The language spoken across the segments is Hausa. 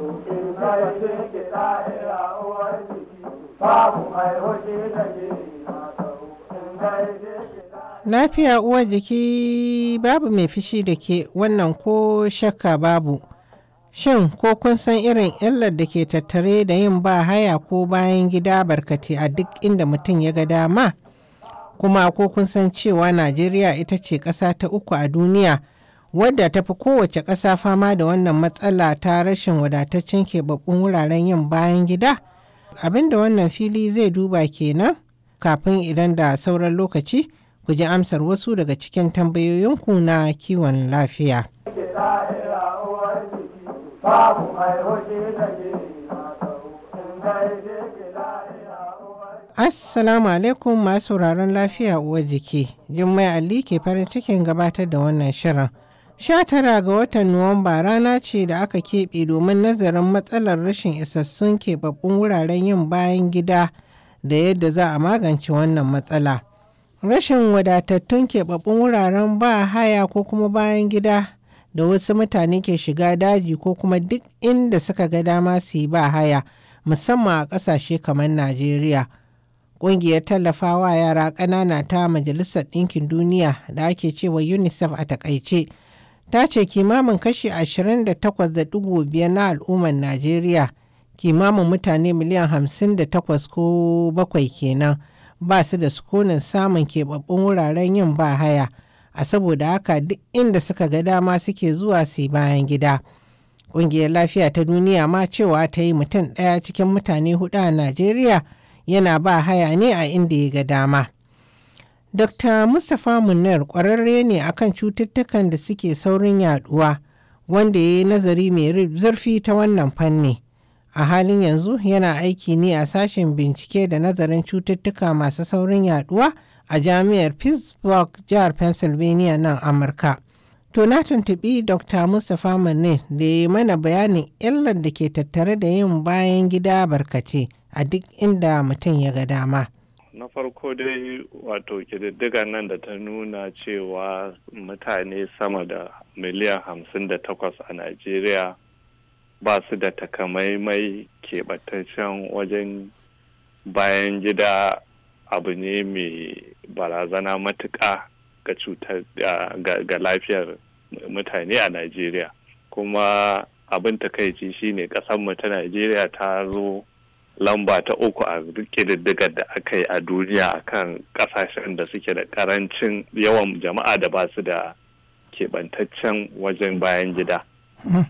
na ya jiki babu mai da ke Lafiya uwar jiki babu mai fishi da ke wannan ko shakka babu. Shin ko kun san irin illar da ke tattare da yin ba haya ko bayan gida barkati a duk inda mutum ya ga dama? Kuma ko kun san cewa Najeriya ita ce ƙasa ta uku a duniya wadda ta fi kowace ƙasa fama da wannan matsala ta rashin wadataccen keɓaɓɓun wuraren yin bayan gida abinda wannan fili zai duba kenan kafin idan da sauran lokaci ku ji amsar wasu daga cikin tambayoyinku na kiwon lafiya. Assalamu alaikum masu sauraron lafiya uwar jiki, Jummai Ali ke farin cikin gabatar da wannan shirin. tara, ga watan Nuwamba rana ce da aka keɓe domin nazarin matsalar rashin isassun keɓaɓɓun wuraren yin bayan gida da yadda za a magance wannan matsala. Rashin wadatattun keɓaɓɓun wuraren ba haya ko kuma bayan gida da wasu mutane ke shiga daji ko kuma duk inda suka ga dama su yi ba haya musamman a ƙasashe kamar Najeriya. Ƙungiyar tallafawa yara ƙanana ta Majalisar Ɗinkin Duniya da ake cewa UNICEF a takaice. ta ce kimamin kashi 28.5 na al'ummar najeriya kimamin mutane miliyan 58 ko bakwai kenan ba su da sukunin samun keɓaɓɓun wuraren yin ba haya a saboda haka duk inda suka ga dama suke zuwa su bayan gida ƙungiyar lafiya ta duniya ma cewa ta yi mutum ɗaya cikin mutane hudu a najeriya yana ba haya ne a inda ya ga dama. Dr. Mustapha Munir ƙwararre ne a kan cututtukan da suke saurin yaduwa wanda ya yi nazari mai zurfi ta wannan fanni. A halin yanzu yana aiki ne a sashen bincike da nazarin cututtuka masu saurin yaduwa a jami'ar Pittsburgh jihar Pennsylvania nan Amurka. To na tuntuɓi Dr. Mustapha Munir da ya yi mana bayanin illar da ke tattare da yin bayan gida barkace a duk inda mutum ya ga dama. na farko dai wato kididdiga nan da ta nuna cewa mutane sama da miliyan hamsin da takwas a najeriya ba su da takamaimai keɓantaccen wajen bayan gida abu ne mai barazana matuƙa ga cutar ga lafiyar mutane a najeriya kuma abin takaici shine mu ta najeriya ta zo lamba ta uku a ƙididdigar da aka yi a duniya kan ƙasashen da suke da ƙarancin yawan jama'a da ba su da keɓantaccen wajen bayan gida. Hmm.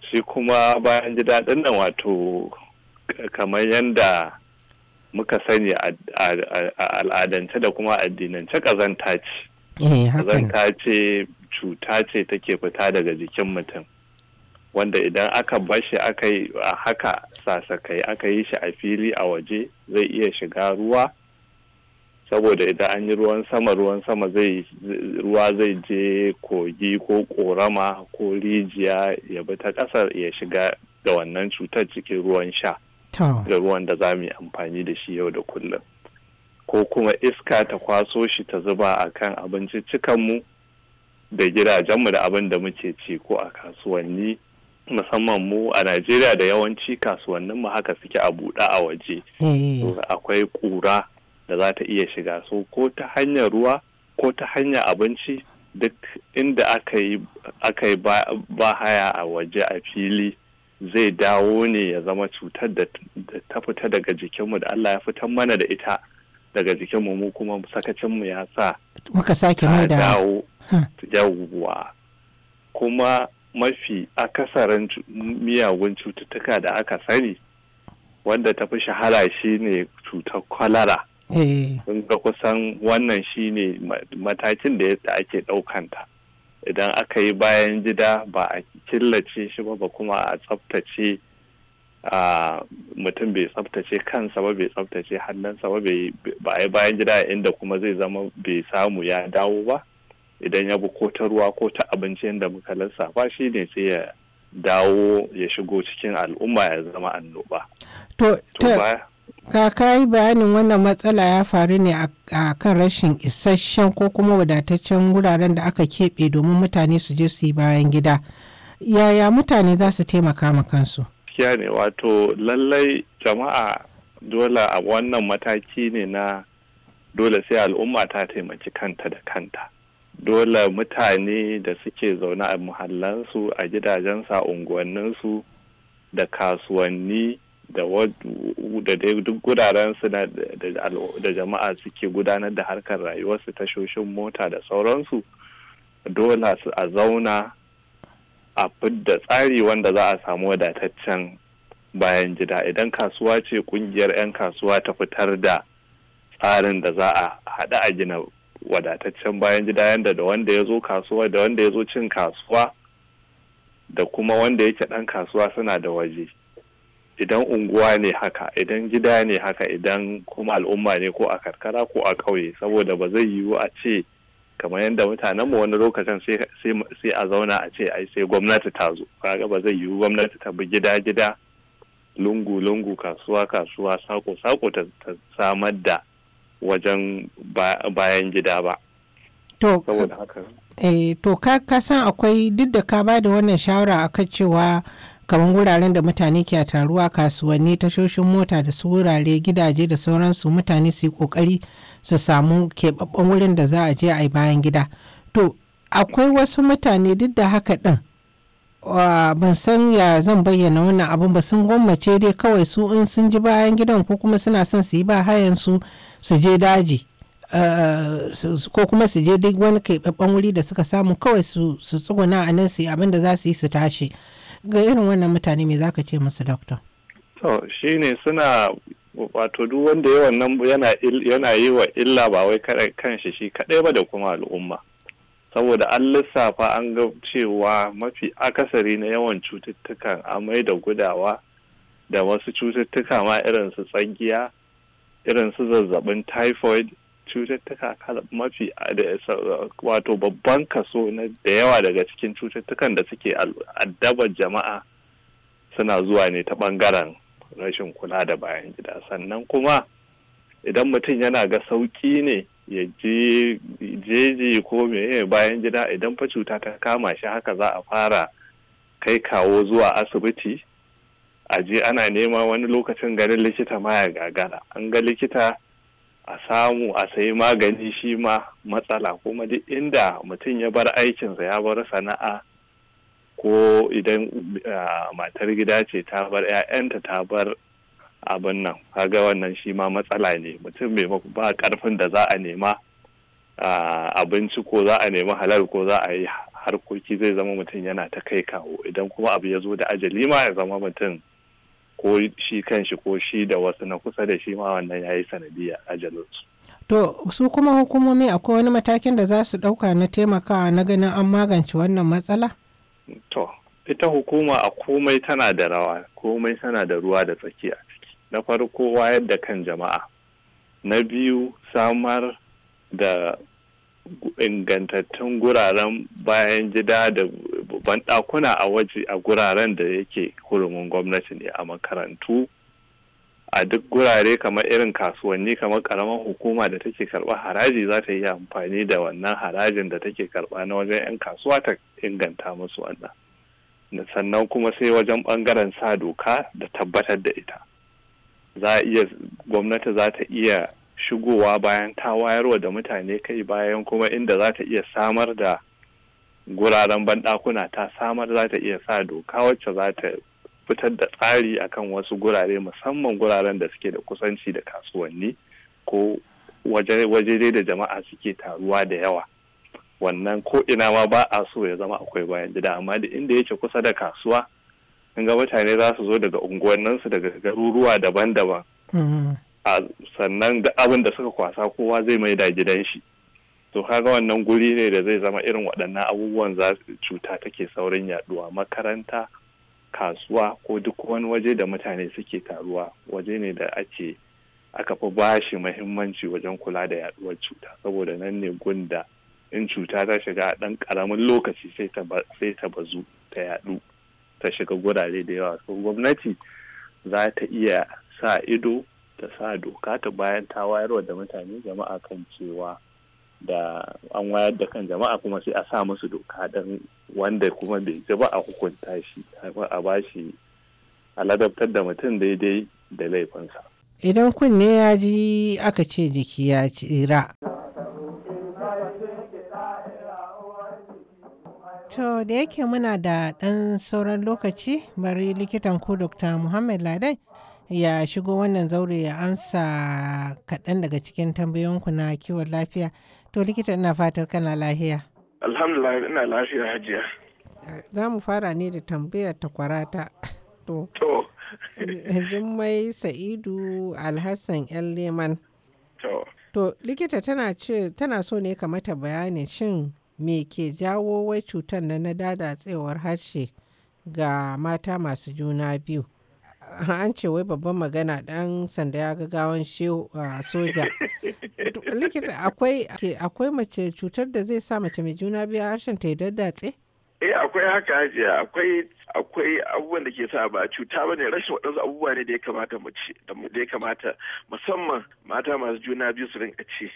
Shi kuma bayan gida ɗin nan wato kamar yadda muka sani a al'adance da kuma addinance ƙazanta ce. Eh, ƙazanta ce cuta ce take fita daga jikin mutum. wanda idan aka bashi aka yi a haka sasakai aka yi shi a fili a waje zai iya shiga ruwa saboda idan an yi ruwan sama ruwan sama zai ruwa zai je kogi ko korama ko rijiya ya bi ta kasar ya shiga da wannan cutar cikin ruwan sha da ruwan da za mu yi amfani da shi yau da kullum ko kuma iska ta kwaso shi ta zuba a kan cikanmu da gidajenmu da abin da muke ci ko a kasuwanni musamman mu a Najeriya da yawanci kasuwannin mu haka suke a buɗe a waje. Eh. Akwai ƙura da za ta iya shiga so ko ta hanyar ruwa ko ta hanyar abinci duk inda aka yi ba haya a waje a fili zai dawo ne ya zama cutar da ta fita daga jikinmu da Allah ya fitar mana da ita daga jikinmu mu kuma sakacinmu ya sa muka sake mai da dawo yawwa kuma mafi akasarin miyagun cututtuka da aka sani wanda ta fi shahara shi ne cutar kwalara eh. kun ga kusan wannan shi ne matakin da yadda ake ɗaukanta idan aka yi bayan gida ba a killace shi ba ba kuma a tsaftace mutum bai tsaftace kansa ba bai tsaftace hannunsa ba ba yi bayan gida inda kuma zai zama bai samu ya dawo ba idan ya bi ko ta ruwa ko ta abinci yadda muka lissafa shi ne sai ya dawo ya shigo cikin al'umma ya zama annoba. To, ka bayanin wannan matsala ya faru ne a kan rashin isasshen ko kuma wadataccen wuraren da aka keɓe domin mutane su je su yi bayan gida. Yaya mutane za su taimaka ma kansu? ne wato lallai jama'a dole a wannan mataki ne na dole sai al'umma ta taimaki kanta da kanta. dole mutane da suke zaune a muhallansu a gidajensu a unguwanninsu da kasuwanni da duk gurarensu da jama'a suke gudanar da harkar rayuwarsu tashoshin mota da sauransu dole su a zauna a fidda tsari wanda za a samu wadataccen bayan gida idan kasuwa ce kungiyar 'yan kasuwa ta fitar da tsarin da za a haɗa a gina wadataccen bayan gida yadda da wanda ya zo kasuwa da wanda ya zo cin kasuwa da kuma wanda yake ɗan kasuwa suna da waje idan unguwa ne haka idan gida ne haka idan kuma al'umma ne ko a karkara ko a ƙauye saboda ba zai yiwu a ce kamar yadda mutanen mu wani lokacin sai a zauna a ce ai sai gwamnati ta zo kaga ba zai yiwu gwamnati ta bi gida gida lungu lungu kasuwa kasuwa sako sako ta samar da wajen bayan gida ba to eh ka san akwai duk da ka bada wannan shawara akan cewa kamar wuraren da mutane ke taruwa kasuwanni tashoshin mota da su wurare gidaje da sauransu mutane su yi kokari su samu keɓaɓɓen wurin da za a je a yi bayan gida to akwai wasu mutane duk da haka ɗin ban san ya zan bayyana wannan abun ba sun gwammace dai kawai su in sun ji bayan gidan ko kuma suna son su yi ba hayan su su je daji eh, ko kuma su je duk wani keɓaɓɓen wuri da suka samu kawai su tsuguna a nan su yi abin da za su yi su tashi ga irin wannan mutane me za ka ce musu doctor to ne suna wato duk wanda yawan nan yana yi wa illa ba wai kan shi shi kaɗai ba da kuma al'umma saboda an lissafa an ga cewa mafi akasari na yawan cututtukan amai da gudawa da wasu cututtuka ma irin su tsangiya irin su zazzabin typhoid cututtuka mafi wato babban kaso na da yawa daga cikin cututtukan da suke addabar jama'a suna zuwa ne ta bangaren rashin kula da bayan gida sannan kuma idan mutum yana ga sauki ne ya jeji ko meye eh, bayan gida idan fa cuta ta kama shi haka za a fara kai kawo zuwa asibiti a je ana nema wani lokacin ganin likita ma ya gagara an ga likita a samu a sayi magani shi ma matsala kuma duk inda mutum ya bar aikinsa ya bar sana'a ko idan ah, matar gida ce ta bar 'ya'yanta ta bar abin nan kaga wannan shi ma matsala ne mutum mai ba karfin da za a nema abinci ko za a nema halal ko za a yi harkoki zai zama mutum yana ta kai kawo idan kuma abu ya zo da ajali ma ya zama mutum ko shi kanshi ko shi da wasu na kusa da shi ma wannan ya yi sanadiyar ajalinsu To su kuma hukumomi akwai wani matakin da za su ɗauka na taimakawa na ganin an magance wannan matsala? To, ita hukuma a komai tana da rawa, komai tana da ruwa da tsakiya a na farko wayar da kan jama'a na biyu samar da ingantattun guraren bayan gida da banɗakuna a waje a guraren da yake hurumin gwamnati ne a makarantu a duk gurare kamar irin kasuwanni kamar karamar hukuma da take karba haraji za ta yi amfani da wannan harajin da take karba na wajen 'yan kasuwa ta inganta musu wannan sannan kuma sai wajen ɓangaren sa doka da tabbatar da ita za iya gwamnati za ta iya shigowa bayan ta wayarwa da mutane kai bayan kuma inda za ta iya samar da guraren banɗakuna ta samar za ta iya sa doka wacce za ta fitar da tsari akan wasu gurare musamman guraren da suke da kusanci da kasuwanni ko waje dai da jama'a suke taruwa da yawa wannan ko ina ma ba a so ya zama akwai bayan gida amma da inda yake kusa da kasuwa ga mutane za su zo daga unguwanninsu daga garuruwa daban-daban mm-hmm. sannan ga abin da suka kwasa kowa zai mai da gidan shi to kaga wannan guri ne da zai zama irin waɗannan abubuwan za cuta take saurin yaduwa makaranta kasuwa ko duk wani waje da mutane suke taruwa waje ne da ake aka fi bashi mahimmanci wajen kula da yaduwar cuta saboda nan ne gunda in cuta ta shiga a ɗan ƙaramin lokaci sai ta bazu ta yadu ta shiga gurare da yawa so gwamnati za ta iya sa ido ta sa doka ta bayan ta wayar da mutane jama'a kan cewa da an wayar da kan jama'a kuma sai a sa musu doka dan wanda kuma bai ji ba a hukunta shi a bashi a ladabtar da mutum daidai da laifinsa idan kunne ya ji aka ce jiki ya tsira. To da yake muna da ɗan sauran lokaci bari likitan ku Dr. Muhammad ladai ya shigo wannan zaure ya amsa kaɗan daga cikin tambayoyinku na kiwon lafiya. To likita ina fatar kana lahiya. Alhamdulillah ina lafiya hajiya. Za mu fara ne da tambayar takwarata. To. To. Jummai Sa'idu Alhassan ‘yan Leman. To. likita tana tana so ne ka mata bayanin shin me ke jawo wai cutar na na dadatsewar harshe ga mata masu juna biyu an ce wai babban magana dan sanda ya gagawan soja likita akwai mace cutar da zai sa mace mai juna biyu harshen ta daddatse? eh akwai haka hajiya akwai akwai abubuwan da ke sa ba cuta ba ne rashin waɗansu abubuwa ne da ya kamata mace da ya kamata musamman mata masu juna biyu su rinka ci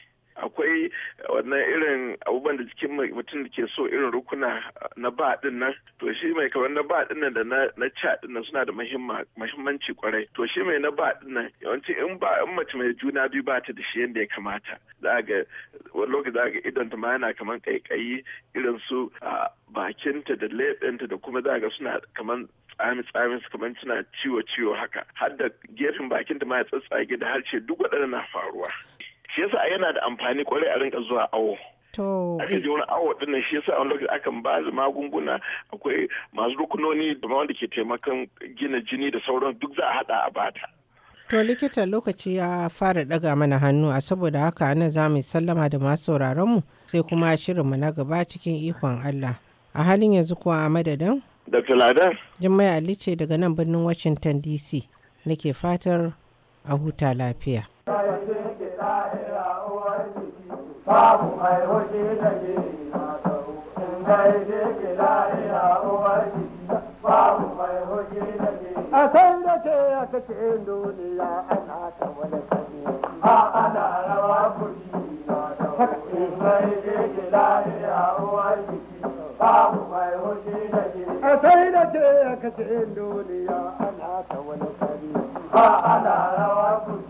akwai wannan irin abubuwan da jikin mutum da ke so irin rukuna na ba din nan to shi mai kamar na ba din nan da na ca din nan suna da muhimmanci kwarai to shi mai na ba din nan yawanci in ba in mace mai juna biyu ba ta da shi yadda ya kamata za ga wani lokaci za ga idon ta ma yana kamar kaikayi irin su bakinta da leɓenta da kuma za ga suna kamar tsami tsami su kamar suna ciwo ciwo haka har da gefen bakinta ma ya tsatsage da harshe duk waɗannan na faruwa shi yasa yana da amfani kwarai a rinka zuwa awo To aka je wani awo din nan shi yasa wani lokacin akan ba da magunguna akwai masu rukunoni da wanda ke taimakon gina jini da sauran duk za a hada a bata. To likita lokaci ya fara ɗaga mana hannu a saboda haka ana za mu sallama da masu mu sai kuma shirin mu na gaba cikin ikon Allah. A halin yanzu kuwa a madadin? Dr. Lada. Jummai Ali ce daga nan birnin Washington DC. Nake fatar a huta lafiya. babu mai hoshi da ke nasaro in dai je ke lahiya uwar jiki babu mai hoshi da ke a sai da ke a cikin duniya ana ta wani sani a ana rawa kuri nasaro in dai je ke lahiya uwar jiki babu mai hoshi da ke a sai da ke a cikin duniya ana ta wani sani a ana rawa kuri